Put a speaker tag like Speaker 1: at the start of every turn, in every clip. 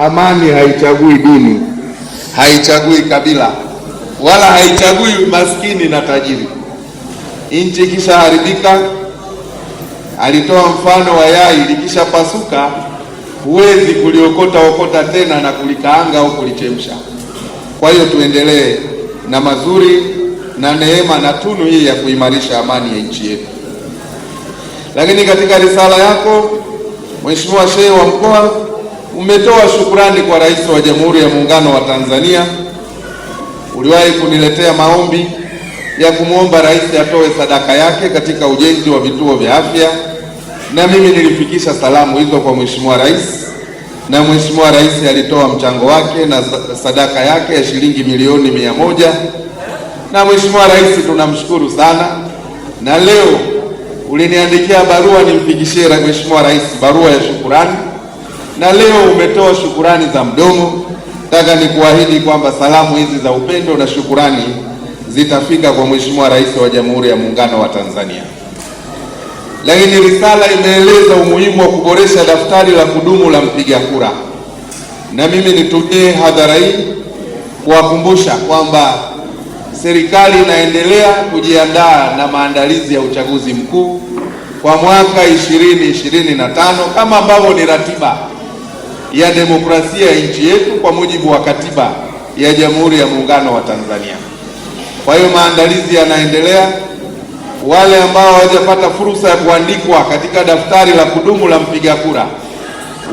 Speaker 1: Amani haichagui dini, haichagui kabila, wala haichagui maskini na tajiri. Nchi ikishaharibika, alitoa mfano wa yai likishapasuka, huwezi kuliokota okota tena na kulikaanga au kulichemsha. Kwa hiyo tuendelee na mazuri na neema na tunu hii ya kuimarisha amani ya nchi yetu. Lakini katika risala yako Mheshimiwa Shehe wa Mkoa umetoa shukurani kwa Rais wa Jamhuri ya Muungano wa Tanzania. Uliwahi kuniletea maombi ya kumwomba rais atoe sadaka yake katika ujenzi wa vituo vya afya, na mimi nilifikisha salamu hizo kwa Mheshimiwa Rais na Mheshimiwa Rais alitoa mchango wake na sadaka yake ya shilingi milioni mia moja na Mheshimiwa Rais tunamshukuru sana, na leo uliniandikia barua nimfikishie Mheshimiwa Rais barua ya shukurani na leo umetoa shukurani za mdomo. Nataka nikuahidi kwamba salamu hizi za upendo na shukurani zitafika kwa Mheshimiwa Rais wa Jamhuri ya Muungano wa Tanzania. Lakini risala imeeleza umuhimu wa kuboresha daftari la kudumu la mpiga kura, na mimi nitumie hadhara hii kuwakumbusha kwamba serikali inaendelea kujiandaa na maandalizi ya uchaguzi mkuu kwa mwaka 2025 kama ambavyo ni ratiba ya demokrasia ya nchi yetu kwa mujibu wa katiba ya Jamhuri ya Muungano wa Tanzania. Kwa hiyo maandalizi yanaendelea. Wale ambao hawajapata fursa ya kuandikwa katika daftari la kudumu la mpiga kura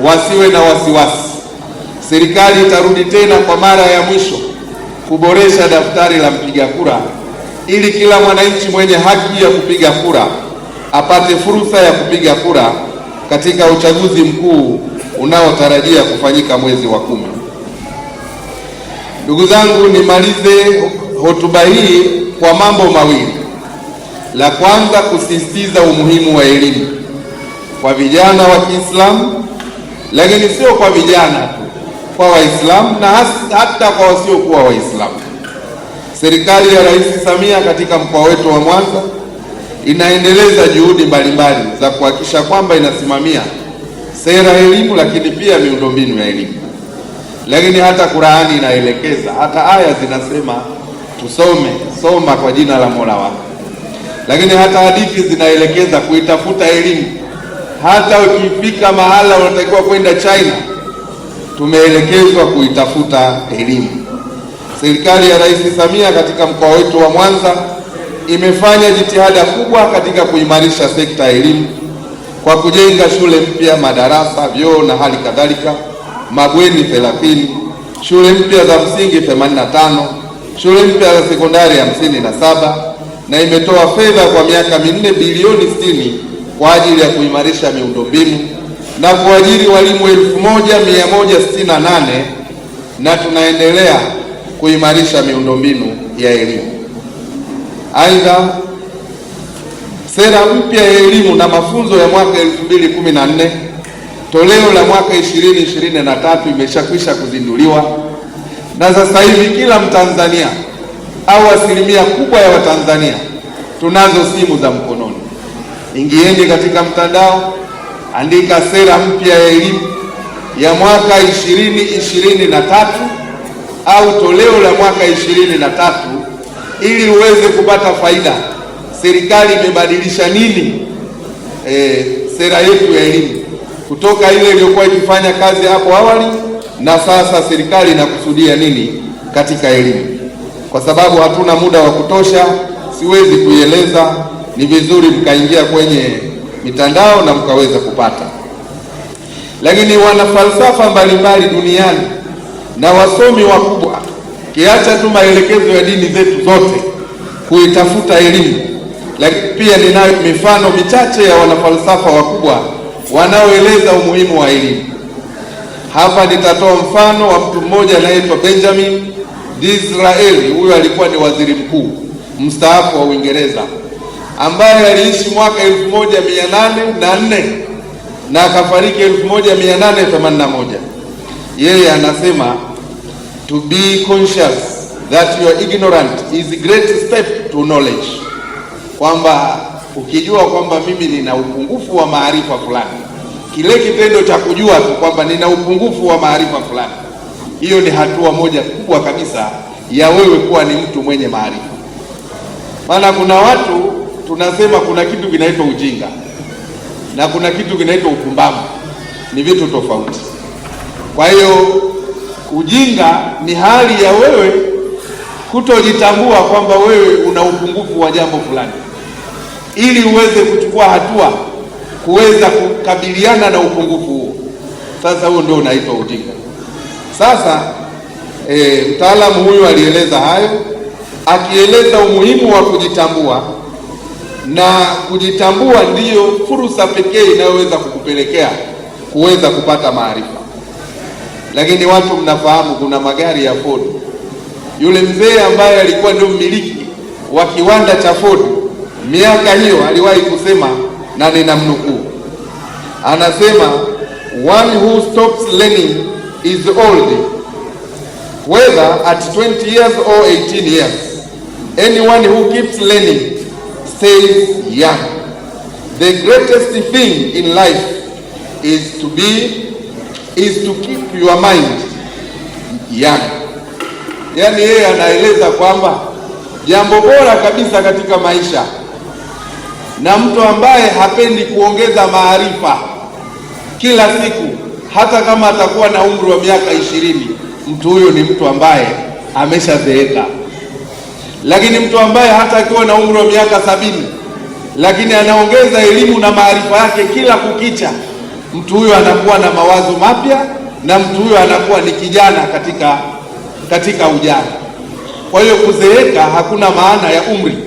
Speaker 1: wasiwe na wasiwasi. Serikali itarudi tena kwa mara ya mwisho kuboresha daftari la mpiga kura ili kila mwananchi mwenye haki ya kupiga kura apate fursa ya kupiga kura katika uchaguzi mkuu unaotarajia kufanyika mwezi wa kumi. Ndugu zangu, nimalize hotuba hii kwa mambo mawili. La kwanza, kusisitiza umuhimu wa elimu kwa vijana wa Kiislamu, lakini sio kwa vijana tu, kwa Waislamu na hata kwa wasiokuwa Waislamu. Serikali ya Rais Samia katika mkoa wetu wa Mwanza inaendeleza juhudi mbalimbali za kuhakikisha kwamba inasimamia sera ya elimu, lakini pia miundombinu ya elimu. Lakini hata Qur'ani inaelekeza, hata aya zinasema tusome, soma kwa jina la Mola wako. Lakini hata hadithi zinaelekeza kuitafuta elimu. Hata ukifika mahala unatakiwa kwenda China, tumeelekezwa kuitafuta elimu. Serikali ya Rais Samia katika mkoa wetu wa Mwanza imefanya jitihada kubwa katika kuimarisha sekta ya elimu kwa kujenga shule mpya, madarasa, vyoo na hali kadhalika, mabweni 30, shule mpya za msingi 85, shule mpya za sekondari 57 na imetoa fedha kwa miaka minne bilioni 60 kwa ajili ya kuimarisha miundombinu na kuajiri walimu 1168 na tunaendelea kuimarisha miundombinu ya elimu. Aidha, Sera mpya ya elimu na mafunzo ya mwaka 2014 toleo la mwaka 2023 imeshakwisha kuzinduliwa na sasa hivi kila Mtanzania au asilimia kubwa ya Watanzania tunazo simu za mkononi. Ingieni katika mtandao, andika sera mpya ya elimu ya mwaka 2023 au toleo la mwaka 2023 ili uweze kupata faida serikali imebadilisha nini e, sera yetu ya elimu kutoka ile iliyokuwa ikifanya kazi hapo awali, na sasa serikali inakusudia nini katika elimu. Kwa sababu hatuna muda wa kutosha, siwezi kuieleza. Ni vizuri mkaingia kwenye mitandao na mkaweza kupata. Lakini wanafalsafa mbalimbali duniani na wasomi wakubwa, kiacha tu maelekezo ya dini zetu zote kuitafuta elimu lakini pia ninayo mifano michache ya wanafalsafa wakubwa wanaoeleza umuhimu wa elimu. Hapa nitatoa mfano wa mtu mmoja anaitwa Benjamin Disraeli. Huyo alikuwa ni waziri mkuu mstaafu wa Uingereza ambaye aliishi mwaka nane na akafariki 1881. Yeye anasema to be conscious that you are ignorant is a great step to knowledge kwamba ukijua kwamba mimi nina upungufu wa maarifa fulani, kile kitendo cha kujua tu kwamba nina upungufu wa maarifa fulani, hiyo ni hatua moja kubwa kabisa ya wewe kuwa ni mtu mwenye maarifa. Maana kuna watu tunasema kuna kitu kinaitwa ujinga na kuna kitu kinaitwa upumbavu, ni vitu tofauti. Kwa hiyo ujinga ni hali ya wewe kutojitambua kwamba wewe una upungufu wa jambo fulani ili uweze kuchukua hatua kuweza kukabiliana na upungufu huo. Sasa huo ndio unaitwa utinga. Sasa e, mtaalamu huyu alieleza hayo akieleza umuhimu wa kujitambua, na kujitambua ndiyo fursa pekee inayoweza kukupelekea kuweza kupata maarifa. Lakini watu mnafahamu, kuna magari ya Ford. Yule mzee ambaye alikuwa ndio mmiliki wa kiwanda cha Ford miaka hiyo aliwahi kusema, na ninamnukuu, anasema one who stops learning is old whether at 20 years or 18 years anyone who keeps learning stays young the greatest thing in life is to be is to keep your mind young yani yeye anaeleza kwamba jambo bora kabisa katika maisha na mtu ambaye hapendi kuongeza maarifa kila siku, hata kama atakuwa na umri wa miaka ishirini, mtu huyo ni mtu ambaye ameshazeeka. Lakini mtu ambaye hata akiwa na umri wa miaka sabini, lakini anaongeza elimu na maarifa yake kila kukicha, mtu huyo anakuwa na mawazo mapya na mtu huyo anakuwa ni kijana katika, katika ujana. Kwa hiyo kuzeeka hakuna maana ya umri.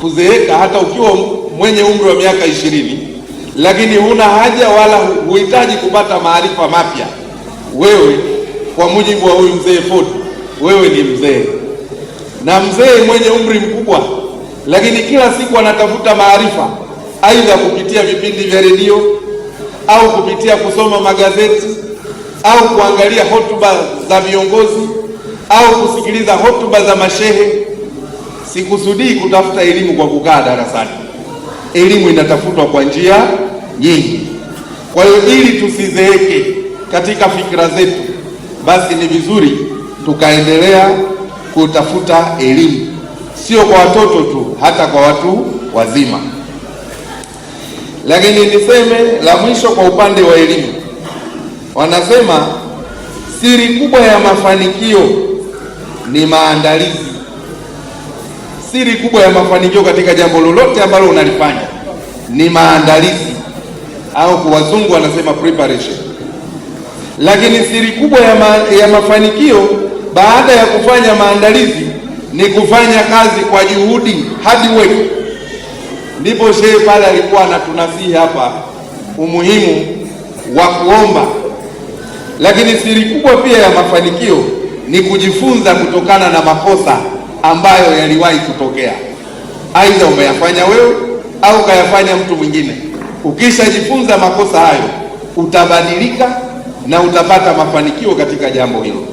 Speaker 1: Kuzeeka hata ukiwa mwenye umri wa miaka ishirini, lakini huna haja wala huhitaji kupata maarifa mapya. Wewe kwa mujibu wa huyu mzee Ford, wewe ni mzee na mzee mwenye umri mkubwa, lakini kila siku anatafuta maarifa, aidha kupitia vipindi vya redio au kupitia kusoma magazeti au kuangalia hotuba za viongozi au kusikiliza hotuba za mashehe. Sikusudii kutafuta elimu kwa kukaa darasani elimu inatafutwa kwa njia nyingi. Kwa hiyo ili tusizeeke katika fikra zetu, basi ni vizuri tukaendelea kutafuta elimu, sio kwa watoto tu, hata kwa watu wazima. Lakini niseme la mwisho kwa upande wa elimu, wanasema siri kubwa ya mafanikio ni maandalizi Siri kubwa ya mafanikio katika jambo lolote ambalo unalifanya ni maandalizi, au kwa wazungu wanasema preparation. Lakini siri kubwa ya, ma, ya mafanikio baada ya kufanya maandalizi ni kufanya kazi kwa juhudi, hard work. Ndipo shehe pale alikuwa anatunasihi hapa umuhimu wa kuomba, lakini siri kubwa pia ya mafanikio ni kujifunza kutokana na makosa ambayo yaliwahi kutokea, aidha umeyafanya wewe au kayafanya mtu mwingine. Ukishajifunza makosa hayo, utabadilika na utapata mafanikio katika jambo hilo.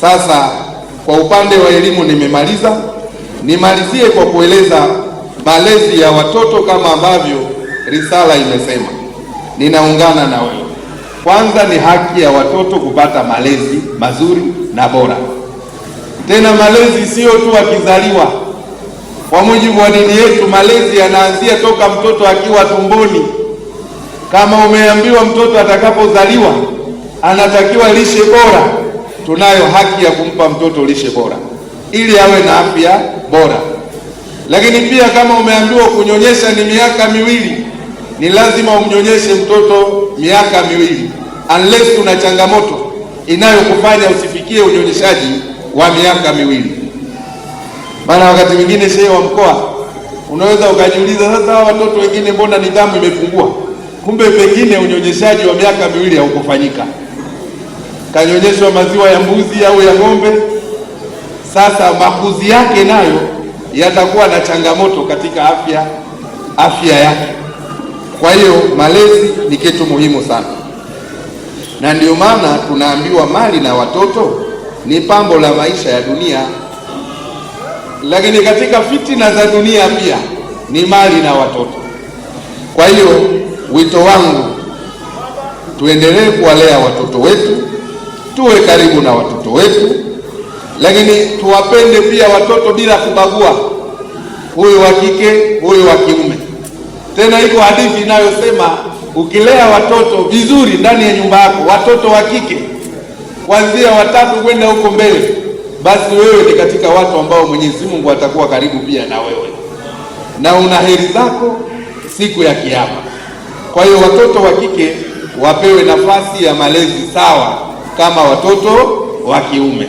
Speaker 1: Sasa kwa upande wa elimu nimemaliza, nimalizie kwa kueleza malezi ya watoto kama ambavyo risala imesema. Ninaungana na wewe. Kwanza ni haki ya watoto kupata malezi mazuri na bora. Tena malezi sio tu akizaliwa. Kwa mujibu wa dini yetu, malezi yanaanzia toka mtoto akiwa tumboni. Kama umeambiwa mtoto atakapozaliwa anatakiwa lishe bora, tunayo haki ya kumpa mtoto lishe bora ili awe na afya bora. Lakini pia kama umeambiwa kunyonyesha ni miaka miwili, ni lazima umnyonyeshe mtoto miaka miwili, unless kuna changamoto inayokufanya usifikie unyonyeshaji wa miaka miwili. Maana wakati mwingine shehe wa mkoa unaweza ukajiuliza, sasa hawa watoto wengine mbona nidhamu imepungua? Kumbe pengine unyonyeshaji wa miaka miwili haukufanyika, kanyonyeshwa maziwa ya mbuzi au ya ng'ombe. Sasa makuzi yake nayo yatakuwa na changamoto katika afya afya yake. Kwa hiyo malezi ni kitu muhimu sana, na ndio maana tunaambiwa mali na watoto ni pambo la maisha ya dunia, lakini katika fitina za dunia pia ni mali na watoto. Kwa hiyo wito wangu, tuendelee kuwalea watoto wetu, tuwe karibu na watoto wetu, lakini tuwapende pia watoto bila kubagua, huyu wa kike, huyu wa kiume. Tena iko hadithi inayosema ukilea watoto vizuri ndani ya nyumba yako, watoto wa kike kuanzia watatu kwenda huko mbele, basi wewe ni katika watu ambao Mwenyezi Mungu atakuwa karibu pia na wewe na una heri zako siku ya Kiyama. Kwa hiyo watoto wa kike wapewe nafasi ya malezi sawa kama watoto wa kiume.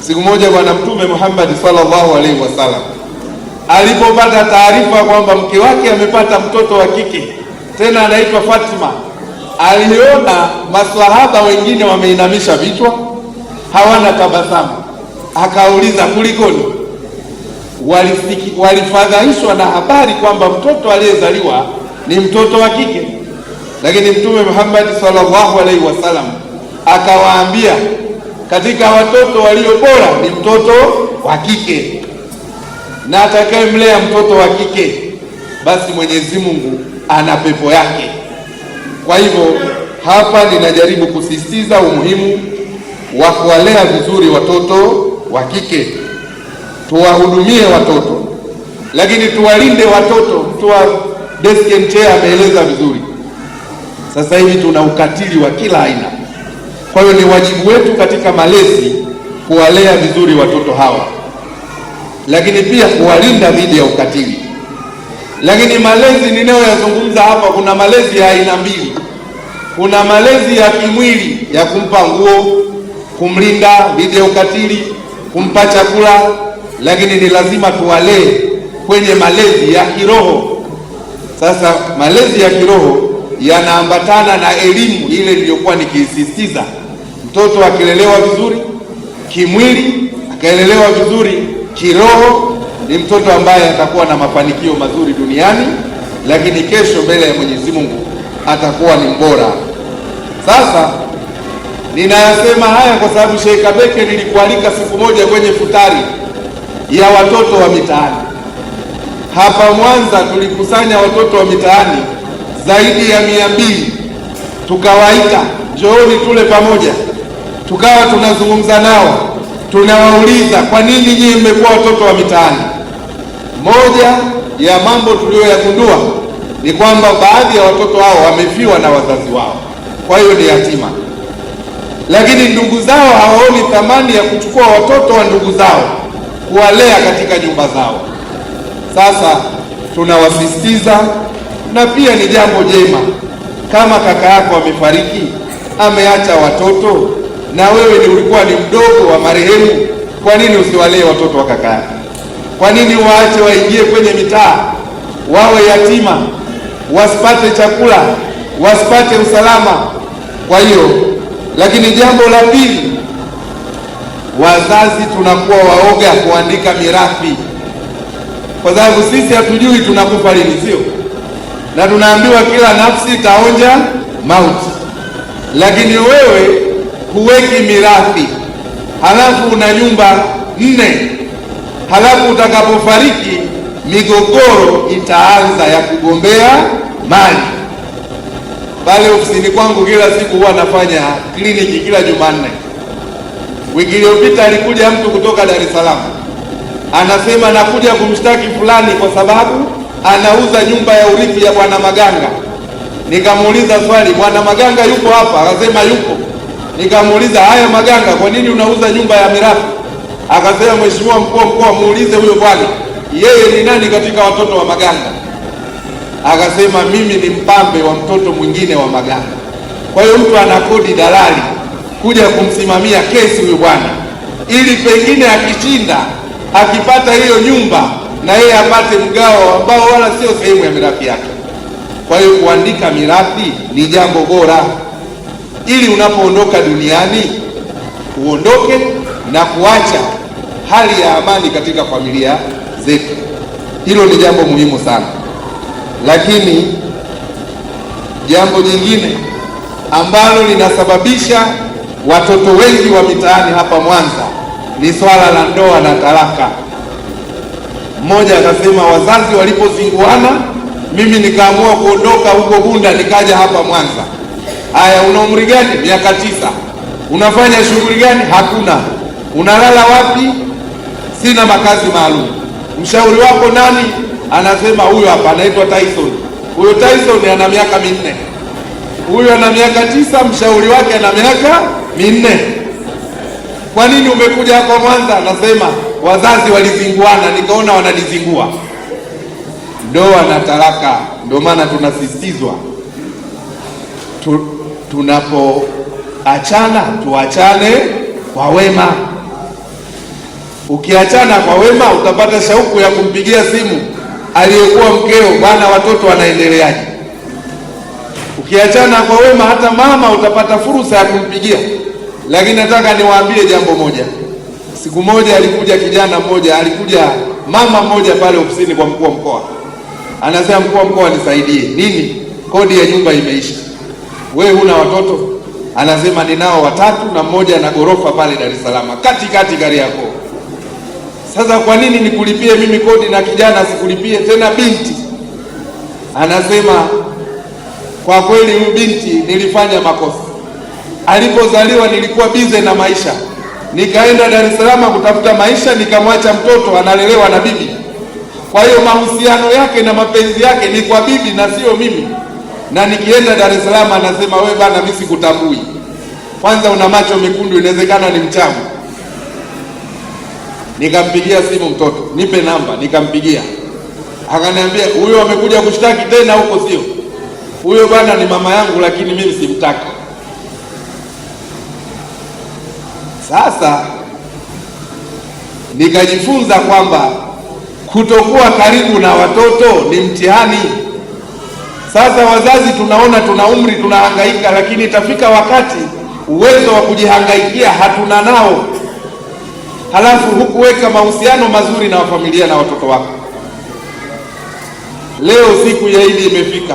Speaker 1: Siku moja Bwana Mtume Muhammad sallallahu alaihi wasallam alipopata taarifa kwamba mke wake amepata mtoto wa kike, tena anaitwa Fatima aliona maswahaba wengine wameinamisha vichwa, hawana tabasamu, akauliza kulikoni? Walifadhaishwa na habari kwamba mtoto aliyezaliwa ni mtoto wa kike, lakini Mtume Muhammad sallallahu alaihi wasallam akawaambia katika watoto walio bora ni mtoto wa kike, na atakayemlea mtoto wa kike basi Mwenyezi Mungu ana pepo yake. Kwa hivyo hapa ninajaribu kusisitiza umuhimu wa kuwalea vizuri watoto wa kike, tuwahudumie watoto lakini tuwalinde watoto. Mtu wa desk and chair ameeleza vizuri. Sasa hivi tuna ukatili wa kila aina, kwa hiyo ni wajibu wetu katika malezi kuwalea vizuri watoto hawa, lakini pia kuwalinda dhidi ya ukatili. Lakini malezi ninayoyazungumza hapa, kuna malezi ya aina mbili. Kuna malezi ya kimwili ya kumpa nguo, kumlinda dhidi ya ukatili, kumpa chakula, lakini ni lazima tuwalee kwenye malezi ya kiroho. Sasa malezi ya kiroho yanaambatana na elimu ile niliyokuwa nikiisisitiza. Mtoto akilelewa vizuri kimwili, akalelewa vizuri kiroho ni mtoto ambaye atakuwa na mafanikio mazuri duniani, lakini kesho mbele ya Mwenyezi Mungu atakuwa ni mbora. Sasa ninayasema haya kwa sababu Sheikh Kabeke nilikualika siku moja kwenye futari ya watoto wa mitaani hapa Mwanza. Tulikusanya watoto wa mitaani zaidi ya mia mbili tukawaita njooni tule pamoja, tukawa tunazungumza nao tunawauliza kwa nini nyinyi mmekuwa watoto wa mitaani? Moja ya mambo tuliyoyagundua ni kwamba baadhi ya watoto hao wamefiwa na wazazi wao, kwa hiyo ni yatima, lakini ndugu zao hawaoni thamani ya kuchukua watoto wa ndugu zao kuwalea katika nyumba zao. Sasa tunawasisitiza, na pia ni jambo jema kama kaka yako amefariki, ameacha watoto na wewe ni ulikuwa ni mdogo wa marehemu, kwa nini usiwalee watoto wa kaka yako? Kwa nini waache waingie kwenye mitaa, wawe yatima, wasipate chakula, wasipate usalama? Kwa hiyo, lakini jambo la pili, wazazi tunakuwa waoga kuandika mirathi, kwa sababu sisi hatujui tunakufa lini, sio? Na tunaambiwa kila nafsi itaonja mauti, lakini wewe huweki mirathi, halafu una nyumba nne halafu utakapofariki migogoro itaanza ya kugombea mali. Pale ofisini kwangu kila siku huwa nafanya kliniki kila Jumanne. Wiki iliyopita alikuja mtu kutoka Dar es Salaam, anasema nakuja kumshtaki fulani kwa sababu anauza nyumba ya urithi ya bwana Maganga. Nikamuuliza swali, bwana Maganga yupo hapa? Akasema yupo. Nikamuuliza, haya Maganga, kwa nini unauza nyumba ya mirathi? akasema, mheshimiwa mkuu wa mkoa, muulize huyo bwana yeye ni nani katika watoto wa Maganga. Akasema, mimi ni mpambe wa mtoto mwingine wa Maganga. Kwa hiyo mtu anakodi dalali kuja kumsimamia kesi huyo bwana, ili pengine akishinda, akipata hiyo nyumba, na yeye apate mgao ambao wala sio sehemu ya mirathi yake. Kwa hiyo kuandika mirathi ni jambo bora, ili unapoondoka duniani uondoke na kuacha hali ya amani katika familia zetu. Hilo ni jambo muhimu sana, lakini jambo jingine ambalo linasababisha watoto wengi wa mitaani hapa Mwanza ni swala la ndoa na talaka. Mmoja akasema wazazi walipozinguana, mimi nikaamua kuondoka huko Bunda nikaja hapa Mwanza. Haya, una umri gani? Miaka tisa. Unafanya shughuli gani? Hakuna. Unalala wapi? sina makazi maalum. Mshauri wako nani? Anasema huyo hapa, anaitwa Tyson. Huyo Tyson ana miaka minne, huyo ana miaka tisa, mshauri wake ana miaka minne. Kwa nini umekuja hapa Mwanza? Anasema wazazi walizinguana, nikaona wananizingua ndoa na talaka. Ndio maana tunasisitizwa tu, tunapoachana tuachane kwa wema. Ukiachana kwa wema, utapata shauku ya kumpigia simu aliyekuwa mkeo, bwana, watoto wanaendeleaje? Ukiachana kwa wema, hata mama utapata fursa ya kumpigia. Lakini nataka niwaambie jambo moja. Siku moja alikuja kijana mmoja, alikuja mama mmoja pale ofisini kwa mkuu wa mkoa, anasema mkuu wa mkoa, nisaidie nini, kodi ya nyumba imeisha, wewe huna watoto? Anasema ninao watatu, na mmoja na ghorofa pale Dar es Salaam katikati Kariakoo. Sasa kwa nini nikulipie mimi kodi na kijana asikulipie tena? Binti anasema kwa kweli, huyu binti nilifanya makosa. Alipozaliwa nilikuwa bize na maisha, nikaenda Dar es Salaam kutafuta maisha, nikamwacha mtoto analelewa na bibi. Kwa hiyo mahusiano yake na mapenzi yake ni kwa bibi na sio mimi. Na nikienda Dar es Salaam anasema, we bana, mimi sikutambui. Kwanza una macho mekundu, inawezekana ni mchawi. Nikampigia simu mtoto, nipe namba, nikampigia akaniambia, huyo amekuja kushtaki tena huko, sio huyo bwana, ni mama yangu, lakini mimi simtaki. Sasa nikajifunza kwamba kutokuwa karibu na watoto ni mtihani. Sasa wazazi tunaona tuna umri tunahangaika, lakini itafika wakati uwezo wa kujihangaikia hatuna nao halafu hukuweka mahusiano mazuri na familia na watoto wako. Leo siku ya Idi imefika,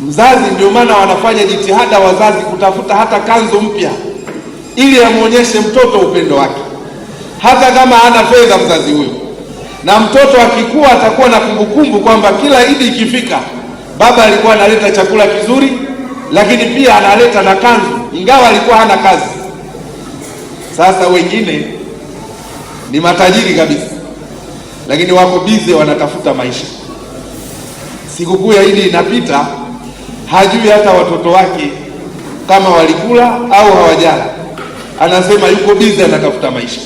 Speaker 1: mzazi. Ndio maana wanafanya jitihada wazazi kutafuta hata kanzu mpya, ili amwonyeshe mtoto upendo wake, hata kama hana fedha mzazi huyo. Na mtoto akikuwa atakuwa na kumbukumbu kwamba kila Idi ikifika, baba alikuwa analeta chakula kizuri, lakini pia analeta na kanzu, ingawa alikuwa hana kazi sasa wengine ni matajiri kabisa, lakini wako bize wanatafuta maisha. Sikukuu ya Idi inapita, hajui hata watoto wake kama walikula au hawajala. Anasema yuko bize anatafuta maisha,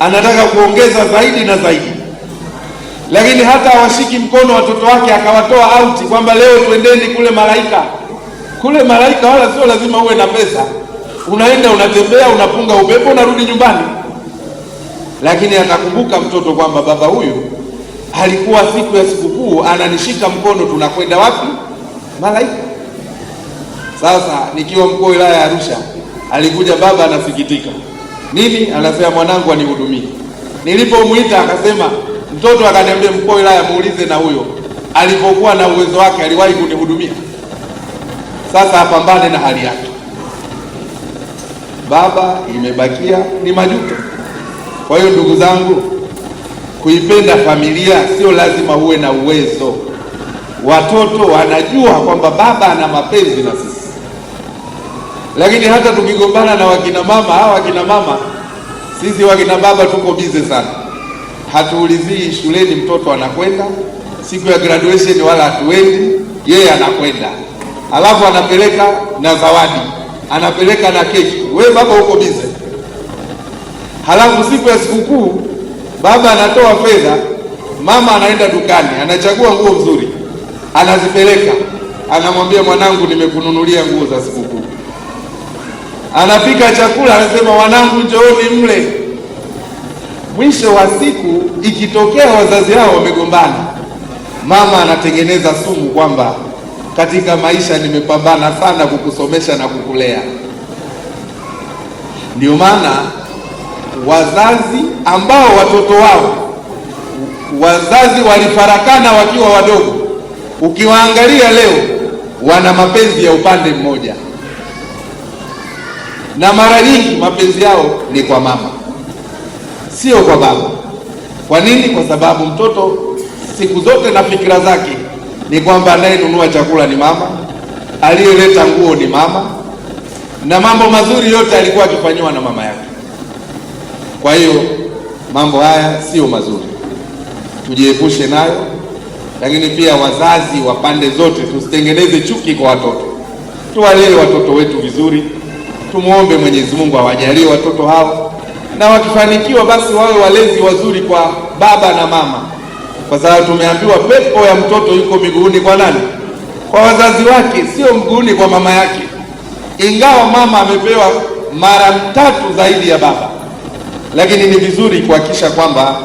Speaker 1: anataka kuongeza zaidi na zaidi, lakini hata hawashiki mkono watoto wake akawatoa auti kwamba leo twendeni kule Malaika. Kule Malaika wala sio lazima uwe na pesa unaenda unatembea, unapunga upepo, unarudi nyumbani. Lakini akakumbuka mtoto kwamba baba huyu alikuwa siku ya sikukuu ananishika mkono, tunakwenda wapi? Malaika. Sasa nikiwa mkuu wa wilaya ya Arusha, alikuja baba anasikitika nini, anasema mwanangu anihudumie. Nilipomwita akasema, mtoto akaniambia, mkuu wa wilaya, muulize na huyo alipokuwa na uwezo wake aliwahi kunihudumia. Sasa apambane na hali yake baba, imebakia ni majuto. Kwa hiyo ndugu zangu, kuipenda familia sio lazima uwe na uwezo. Watoto wanajua kwamba baba ana mapenzi na sisi, lakini hata tukigombana na wakina mama hawa wakina mama, sisi wakina baba tuko bize sana, hatuulizii shuleni mtoto anakwenda siku ya graduation, wala hatuendi, yeye anakwenda alafu anapeleka na zawadi anapeleka na keki, we baba uko bize. Halafu siku ya sikukuu baba anatoa fedha, mama anaenda dukani, anachagua nguo nzuri, anazipeleka, anamwambia mwanangu, nimekununulia nguo za sikukuu. Anapika chakula, anasema wanangu, njooni mle. Mwisho wa siku ikitokea wazazi hao wamegombana, mama anatengeneza sumu kwamba katika maisha nimepambana sana kukusomesha na kukulea. Ndio maana wazazi ambao watoto wao wazazi walifarakana wakiwa wadogo, ukiwaangalia leo wana mapenzi ya upande mmoja, na mara nyingi mapenzi yao ni kwa mama, sio kwa baba. Kwa nini? Kwa sababu mtoto siku zote na fikira zake ni kwamba anayenunua chakula ni mama, aliyeleta nguo ni mama, na mambo mazuri yote alikuwa akifanyiwa na mama yake. Kwa hiyo mambo haya sio mazuri, tujiepushe nayo, lakini pia wazazi wa pande zote tusitengeneze chuki kwa watoto, tuwalee watoto wetu vizuri, tumwombe Mwenyezi Mungu awajalie watoto hao, na wakifanikiwa basi wawe walezi wazuri kwa baba na mama kwa sababu tumeambiwa pepo ya mtoto yuko miguuni kwa nani? Kwa wazazi wake, sio mguuni kwa mama yake, ingawa mama amepewa mara tatu zaidi ya baba, lakini ni vizuri kuhakikisha kwamba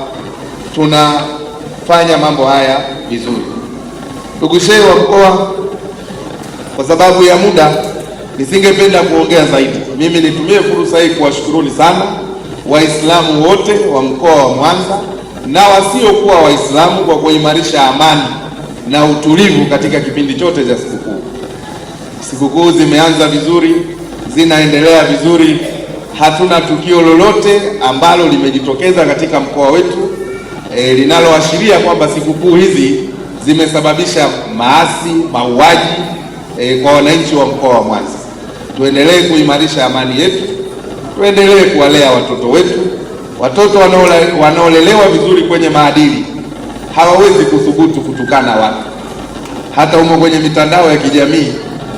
Speaker 1: tunafanya mambo haya vizuri. Ndugu shehe wa mkoa, kwa sababu ya muda nisingependa kuongea zaidi. Mimi nitumie fursa hii kuwashukuruni sana Waislamu wote wa mkoa wa Mwanza na wasiokuwa Waislamu kwa kuimarisha amani na utulivu katika kipindi chote cha sikukuu. Sikukuu zimeanza vizuri, zinaendelea vizuri. Hatuna tukio lolote ambalo limejitokeza katika mkoa wetu e, linaloashiria kwamba sikukuu hizi zimesababisha maasi, mauaji e, kwa wananchi wa mkoa wa Mwanza. Tuendelee kuimarisha amani yetu, tuendelee kuwalea watoto wetu Watoto wanaolelewa vizuri kwenye maadili hawawezi kuthubutu kutukana watu. Hata humo kwenye mitandao ya kijamii,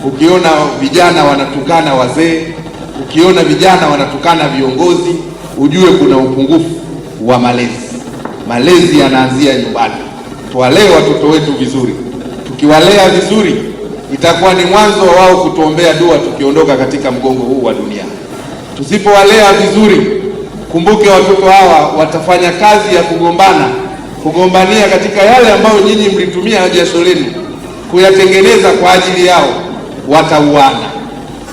Speaker 1: ukiona vijana wanatukana wazee, ukiona vijana wanatukana viongozi, ujue kuna upungufu wa malezi. Malezi yanaanzia nyumbani. Tuwalee watoto wetu vizuri. Tukiwalea vizuri, itakuwa ni mwanzo wao kutuombea dua tukiondoka katika mgongo huu wa dunia. Tusipowalea vizuri Kumbuke watoto hawa watafanya kazi ya kugombana, kugombania katika yale ambayo nyinyi mlitumia jasho lenu kuyatengeneza kwa ajili yao, watauana.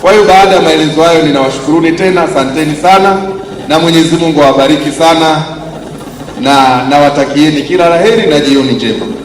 Speaker 1: Kwa hiyo baada ya maelezo hayo, ninawashukuruni tena, asanteni sana na Mwenyezi Mungu awabariki sana na nawatakieni kila laheri na jioni njema.